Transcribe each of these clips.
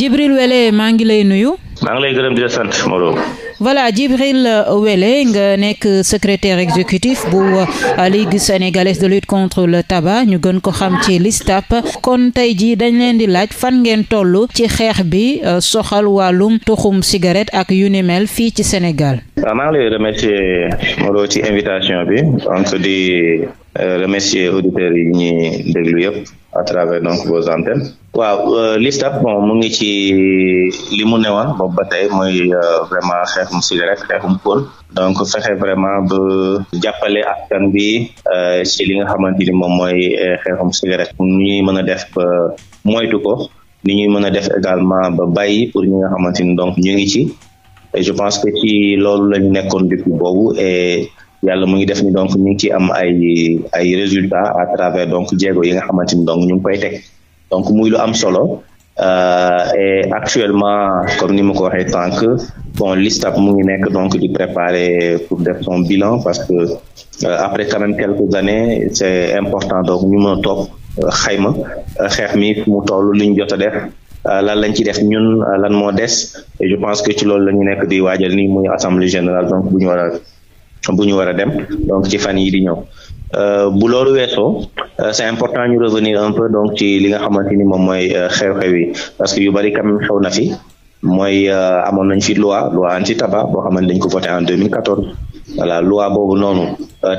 Djibril Wele maa ngi lay nuyu. maa ngi lay gërëm di la sant Moreau. voilà Wélé nga nekk secrétaire exécutif bu euh, Ligue sénégalaise de lutte contre le tabac ñu gën ko xam ci LISTAB kon tey jii dañ leen di laaj fan ngeen toll ci xeex bi euh, soxal wàllum tuxum cigarette ak yu ni mel fii ci Sénégal. waaw ah, maa ngi lay remercier Moreau ci invitation bi donc di euh, remercier auditeurs yi ñuy déglu yëpp à travers donc vos antennes. waaw LISTAB bon mu ngi ci li mu boobu ba tey muy euh, vraiment xeexum cigarette xeexum pône donc fexe vraiment ba jàppale askan bi euh, ci li nga xamante ni moom mooy euh, xeexum cigarette ñuy mën a def ba moytu ko ni ñuy mën a def également ba bàyyi pour ñi nga xamante ni donc ñu ngi ci je pense que ci loolu lañu nekkoon depuis boobu et yàlla mu ngi def donc ñu ngi ci am ay ay résultats travers donc jéego yi nga xamante ni donc ñu ngi koy teg donc muy lu am solo Euh, et actuellement comme ni ma ko waxee tànk bon lista mu ngi nekk donc di préparer pour def son bilan parce que euh, après quand même quelques années c'est important donc ñu mën a toog euh, xayma xeex mi fu mu toll li ñu jot a def lan lañ ci def ñun lan moo des et je pense que ci loolu la ñu nekk di waajal nii muy assemblée général donc bu ñu war a bu ñu war a dem donc ci fan yi di ñëw Euh, bu loolu weesoo euh, c'est important ñu revenir un peu donc ci li nga xamante ni moom mooy euh, xew-xew parce que yu bari quand même xew na fi mooy amoon nañ fi loi loi anti tabac boo xamante dañ ko voté en 2014 voilà loi boobu noonu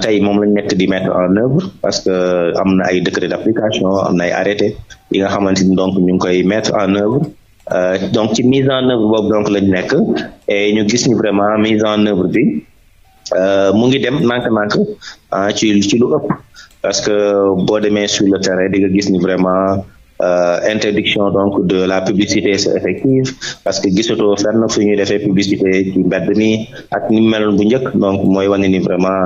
tey moom lañ nekk di mettre en œuvre parce que am na ay décret d'application am na ay arrêté yi nga xamante ni donc ñu ngi koy mettre en œuvre donc ci mise en œuvre boobu donc lañ nekk et ñu gis ñu vraiment mise en œuvre bi Euh, mu ngi dem nànk-nànk ah, ci ci lu ëpp parce que boo demee sur le terrain di nga gis ni vraiment Euh, interdiction donc de la publicité c'est effective parce que gisatoo fenn fu ñuy defee publicité ci mbedd mi ak ni melon bu njëkk donc mooy wane ni vraiment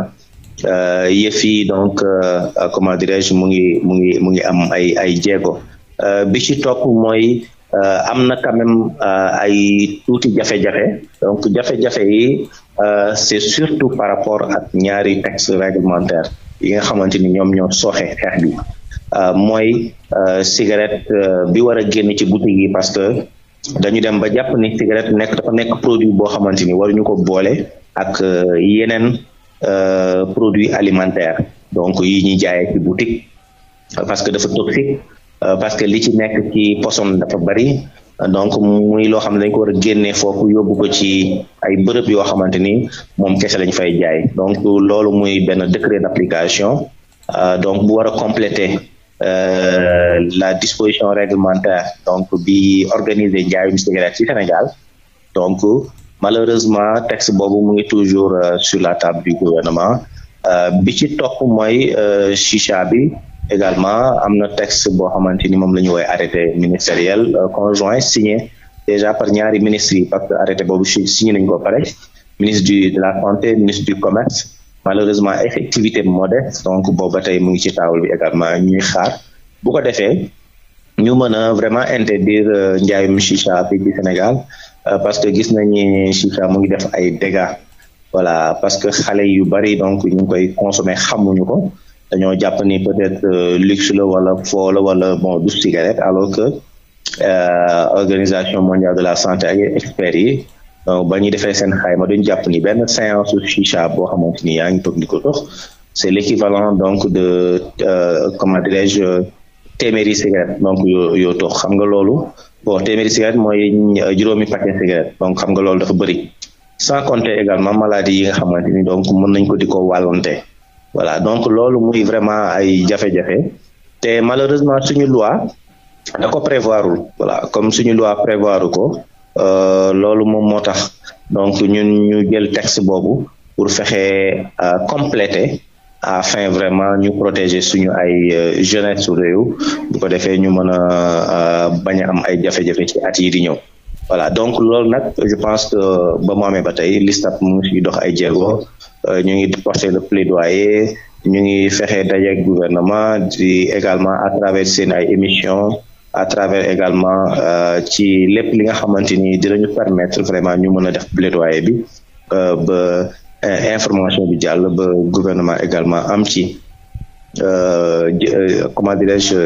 euh, yëf yi donc euh, comment dirais-je mu ngi mu ngi mu ngi am ay ay jéego bi ci topp mooy Euh, am na quand même euh, ay tuuti jafe-jafe donc jafe-jafe yi euh, c'est surtout par rapport ak ñaari texte réglementaire yi nga xamante ni ñoom ñoo sooxe xeex bi mooy cigarette bi war a génn ci boutique yi parce que dañu dem ba jàpp ni cigarette nekk dafa nekk produit boo xamante ni waruñu ko boole ak yeneen produit alimentaire donc yi ñuy jaayee ci boutique parce que dafa toxique Euh, parce que li ci nekk ci poson dafa bari donc muy loo xam ne dañ ko war a génnee foofu yóbbu ko ci ay bërëb yoo xamante ni moom kese lañ fay jaay donc loolu muy benn décret d'application euh, donc bu war a compléter euh, la disposition réglementaire donc bi organiser njaayum ci Sénégal donc malheureusement texte boobu mu ngi toujours sur la table du gouvernement bi ci topp mooy chicha bi. également am na texte boo xamante ni moom la ñu woowee arrêté ministériel euh, conjoint signé déjà par ñaari ministres yi parce que arrêté boobu signé nañu ko pare ministre du de la santé ministre du commerce malheureusement effectivité modeste donc ba tey mu ngi ci taawul bi également ñuy xaar bu ko defee ñu mën a vraiment interdire euh, njaayum chicha fii bi Sénégal euh, parce que gis nañu chicha mu ngi def ay dégâts voilà parce que xale yu bari donc ñu ngi koy consommer xamuñu ko dañoo jàpp ni peut-être euh, luxe la wala foo wala bon du cigarette alors que euh, organisation mondiale de la santé ak experts yi ba ñuy defee seen xayma dañu jàpp ni benn séance su chicha boo xamante ni yaa ngi toog di ko tox c'est l'équivalent donc de euh, comment dirais-je téeméeri cigarette donc yoo yoo xam nga loolu bon téeméeri cigarette mooy juróomi paquet cigarette donc xam nga loolu dafa bëri sans compter également maladie yi nga xamante ni donc mën nañ ko di ko wàllante voilà donc loolu muy vraiment ay jafe-jafe te malheureusement suñu loi da ko prévoirul voilà comme suñu loi prévoiru ko euh, loolu moom moo tax donc ñun ñu jël texte boobu pour fexe euh, compléter fin vraiment ñu protéger suñu ay euh, jeunesse su réew bu ko defee ñu mën a bañ a am ay jafe-jafe ci at yi di ñëw voilà donc loolu nag je pense que ba mu amee ba tey LISTAB mu ngi dox ay jéego Euh, ñu ngi porter le plaidoyer ñu ngi fexe dajeek gouvernement di également à travers seen ay émissions à travers également euh, ci lépp li nga xamante ni dinañu permettre vraiment ñu mën a def plaidoyer bi euh, ba information bi jàll ba gouvernement également am ci comment dirais-je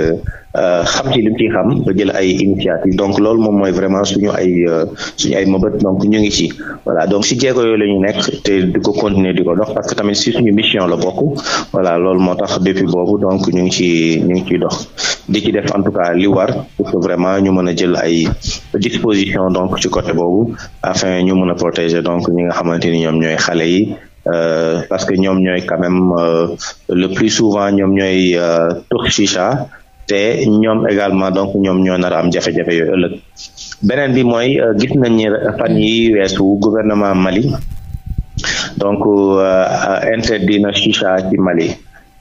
Euh, xam ci lim ci xam ba jël ay initiative donc loolu moom mooy vraiment suñu ay euh, suñu ay mëbët donc ñu ngi ci voilà donc si jéego yooyu la ñu nekk te di ko continuer di ko dox parce que tamit si suñu mission la bokk voilà loolu moo tax depuis boobu donc ñu ngi ci ñu ngi ciy dox di ci def en tout cas li war pour que vraiment ñu mën a jël ay disposition donc ci côté boobu afin ñu mën a protéger donc ñi nga xamante ni ñoom ñooy xale yi euh, parce que ñoom ñooy quand même le plus souvent ñoom ñooy tux chicha te ñoom également donc ñoom ñoo nar am jafe-jafe yooyu ëllëg beneen bi mooy euh, gis nañ ni fan yi weesu gouvernement Mali donc euh, interdit na chicha ci Mali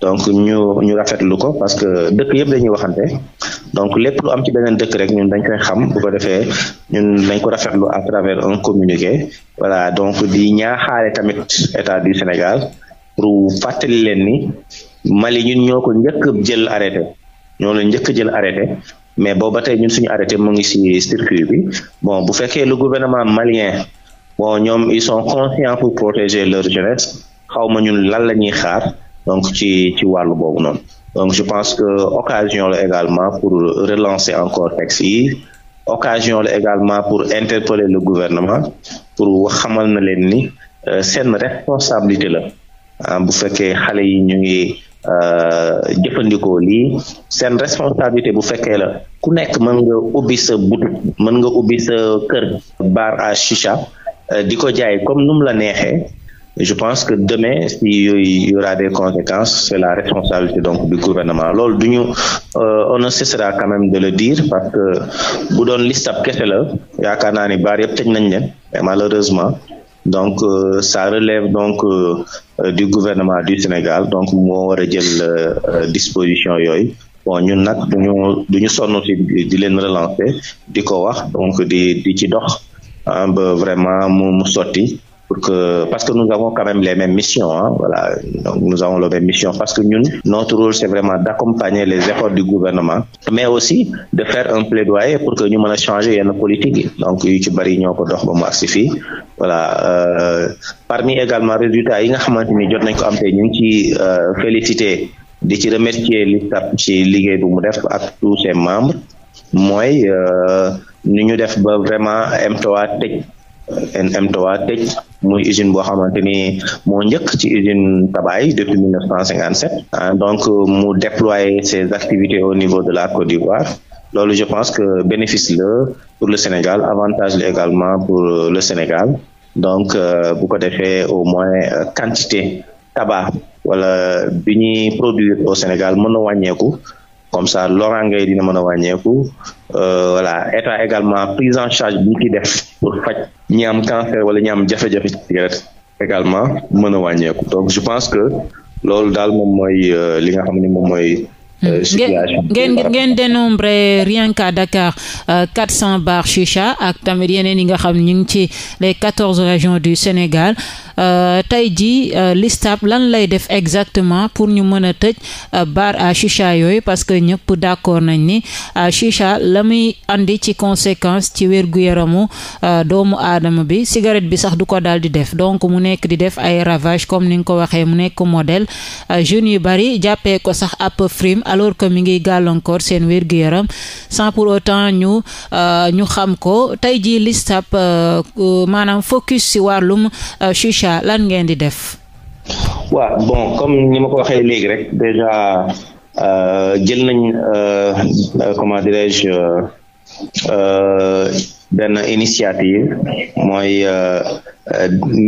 donc ñu ñu rafetlu ko parce que dëkk yëpp dañuy waxante donc lépp lu am ci beneen dëkk rek ñun dañ koy xam bu ko defee ñu dañ ko rafetlu à travers un communiqué voilà donc di ñaaxaale tamit état du Sénégal pour fàttali leen ni Mali ñun ñoo ko njëkk jël arrêté ñoo leen njëkk jël arrêté mais booba tey ñun suñu arrêté mu ngi ci circuit bi bon bu fekkee le gouvernement malien bon ñoom ils sont conscients pour protéger leur jeunesse xaw ma ñun lan la ñuy xaar donc ci ci wàllu boobu noon donc je pense que occasion la également pour relancer encore texte yi occasion la également pour interpeller le gouvernement pour wax xamal na leen ni euh, seen responsabilité la ah, bu fekkee xale yi ñu Euh, jëfandikoo lii seen responsabilité bu fekkee la ku nekk mën nga ubbi sa boutique mën nga ubbi sa kër bar à chicha euh, di ko jaay comme nu mu la neexee je pense que demain s'il y aura des conséquences c'est la responsabilité donc du gouvernement loolu du ñu euh, on ne cessera quand même de le dire parce que bu doon liste kese la yaakaar naa ni baar yëpp tëj nañ leen mais malheureusement donc euh, relève donc euh, di gouvernement di Sénégal donc moo war a jël euh, euh, disposition yooyu bon ñun nag duñu du ñu sonn ci di leen relancer di ko wax donc di di ci dox ba vraiment mu mu pour que parce que nous avons quand même les mêmes parce que ñun notre rôle c'est vraiment d'accompagner les efforts du gouvernement mais aussi de faire un plaidoyer pour que ñu mën a changer yenn politique yi donc yu ci bari ñoo ko dox ba mu agsi fii voilà euh, parmi également résultats yi nga xamante ni jot nañ ko am tey ñu ngi ci euh, féliciter di ci remercier l'ISCAP ci liggéey bu def ak tous ses membres mooy euh, ni ñu def ba vraiment MTOA tëj NM3 tëj muy usine boo xamante ni moo njëkk ci usine tabaay depuis 1957 ah, donc euh, mu déployer ses activités au niveau de la Côte d'Ivoire loolu je pense que bénéfice la pour le Sénégal avantage la également pour euh, le Sénégal donc euh, bu ko defee au moins quantité tabac wala bi ñuy produire au Sénégal mën na wàññeeku comme ça loraange yi dina mën a wàññeeku euh, voilà état également prise en charge bi ñu def pour faj ñi am cancer wala ñi am jafe-jafe ci cigarette également mën a wàññeeku donc je pense que loolu daal moom mooy euh, li nga xam ne moom mooy. Euh, hmm. situation ngeen ngeen dénombré rien qu'à Dakar quatre cent bar chicha ak tamit yeneen yi nga xam ñu ngi ci les quatorze régions du Sénégal. Euh, tey jii euh, l'ISTAB lan lay def exactement pour ñu mën a tëj euh, bar à chicha yooyu parce que ñëpp d'accord nañ ni chicha la muy andi ci conséquence ci wér-gu-yaramu doomu aadama bi cigarette bi sax du ko daal di def donc mu nekk di def ay ravage comme ni nga ko waxee mu nekk modèle jeunes yu bari jàppee ko sax ab frime alors que mi ngi gàllankoor seen wér yaram sans pour autant ñu ñu xam ko tey jii l'ISTAB maanaam focus si wàllum chicha déjà lan ngeen di def. waaw bon comme ni ma ko waxee léegi rek déjà euh, jël nañ euh, euh, comment dirais-je benn initiative mooy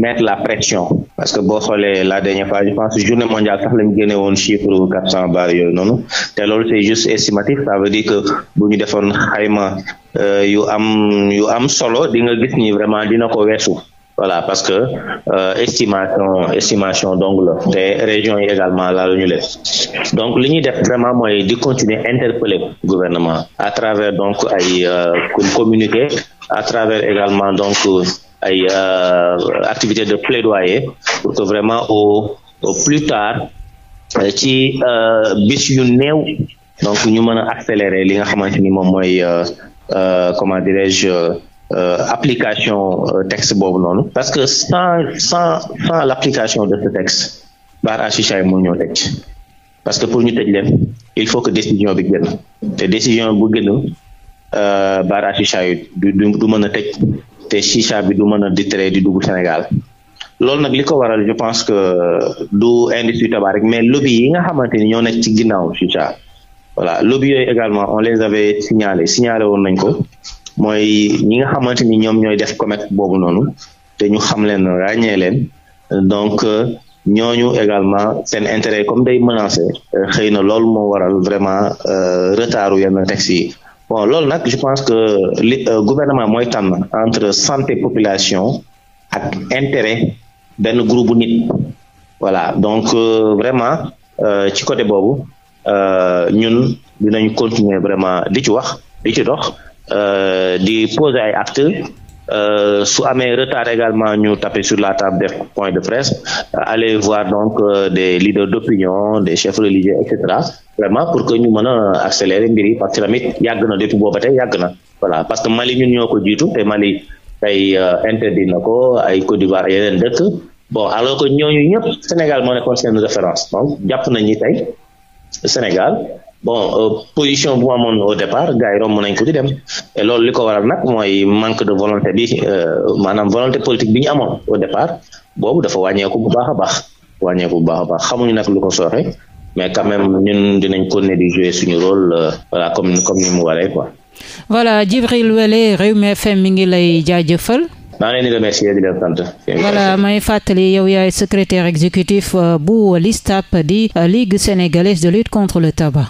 mettre la pression parce que boo xoolee la dernière fois je pense journée mondiale sax lañu génne woon chiffre quatre cent bar yooyu noonu te loolu c'est juste estimatif ça veut que bu ñu defoon xayma yu am yu am solo di nga gis ni vraiment dina ko weesu voilà parce que euh, estimation estimation donc la te régions yi également la ñu leen donc li ñuy def vraiment mooy di continuer interpeller gouvernement à travers donc ay euh, communiqué à travers également donc ay euh, activité de plaidoyer pour que vraiment au, au plus tard euh, ci bis yu néew donc ñu mën a accélérer li nga xamante ni moom mooy comment dirais-je Euh, application euh, texte boobu noonu parce que sans sans sans l'application de ce texte Baar Achicha yi mun ñoo tëj parce que pour ñu tëj leen il faut que décision bi génn te décision bu génn euh, Baar Achicha yi du du mën a tëj te chicha bi du mën a ditraire di dugg Sénégal loolu nag li ko waral je pense que du industrie tabac rek mais lobby yi nga xamante ni ñoo nekk ci ginnaaw chicha voilà lobby yooyu également on les avait signalé signalé woon nañ ko. mooy ñi nga xamante ni ñoom ñooy def commerce boobu noonu te ñu xam leen ràññee leen donc ñooñu également seen intérêt comme day menacé xëy na loolu moo waral vraiment euh, retardu yenn textes yi bon loolu nag je pense que li euh, gouvernement mooy tànn entre santé population ak intérêt benn groupe bu nit voilà donc euh, vraiment ci côté boobu ñun dinañ continuer vraiment di ci wax di ci dox Euh, di poser ay actes euh, su amee retard également ñu taper sur la table def point de presse aller voir donc euh, des leaders d'opinion des chefs religieux et cetera vraiment pour que ñu mën a accélérer mbir yi parce yàgg na depuis booba tey yàgg na voilà parce que Mali ñun ñoo ko jiitu te Mali tey interdit na ko ay Côte d'Ivoire yeneen dëkk bon alors que ñooñu ñëpp Sénégal moo nekkoon seen référence donc jàpp nañ ni tey Sénégal. bon euh, position bu amoon au départ gars yi romb nañ ko di dem e loolu li ko waral nag mooy manque de volonté bi euh, maanaam volonté politique bi ñu amoon au départ boobu dafa wàññeeku bu baax a baax wàññeeku bu baax a baax xamuñu nag lu ko sooxe mais quand même ñun dinañ ne di jouer suñu rôle euh, voilà comme comme ni mu waree ko voilà Djibril Welle Rewmi FM mi ngi lay jaajëfal. maa ngi leen di remercier di leen sant. voilà may fàttali yow yaay secrétaire exécutif bu LISTAB di Ligue sénégalaise de lutte contre le tabac.